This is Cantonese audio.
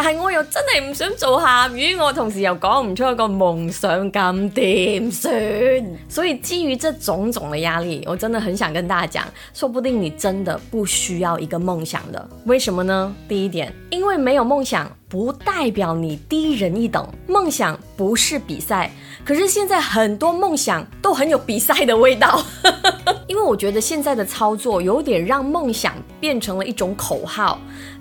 但係我又真係唔想做鹹魚，我同時又講唔出一個夢想，咁點算？所以基於這種種嘅壓力，我真的很想跟大家講，說不定你真的不需要一個夢想的。為什麼呢？第一點，因為沒有夢想不代表你低人一等，夢想不是比賽，可是現在很多夢想都很有比賽的味道。 因為我覺得現在的操作有點讓夢想變成了一種口號。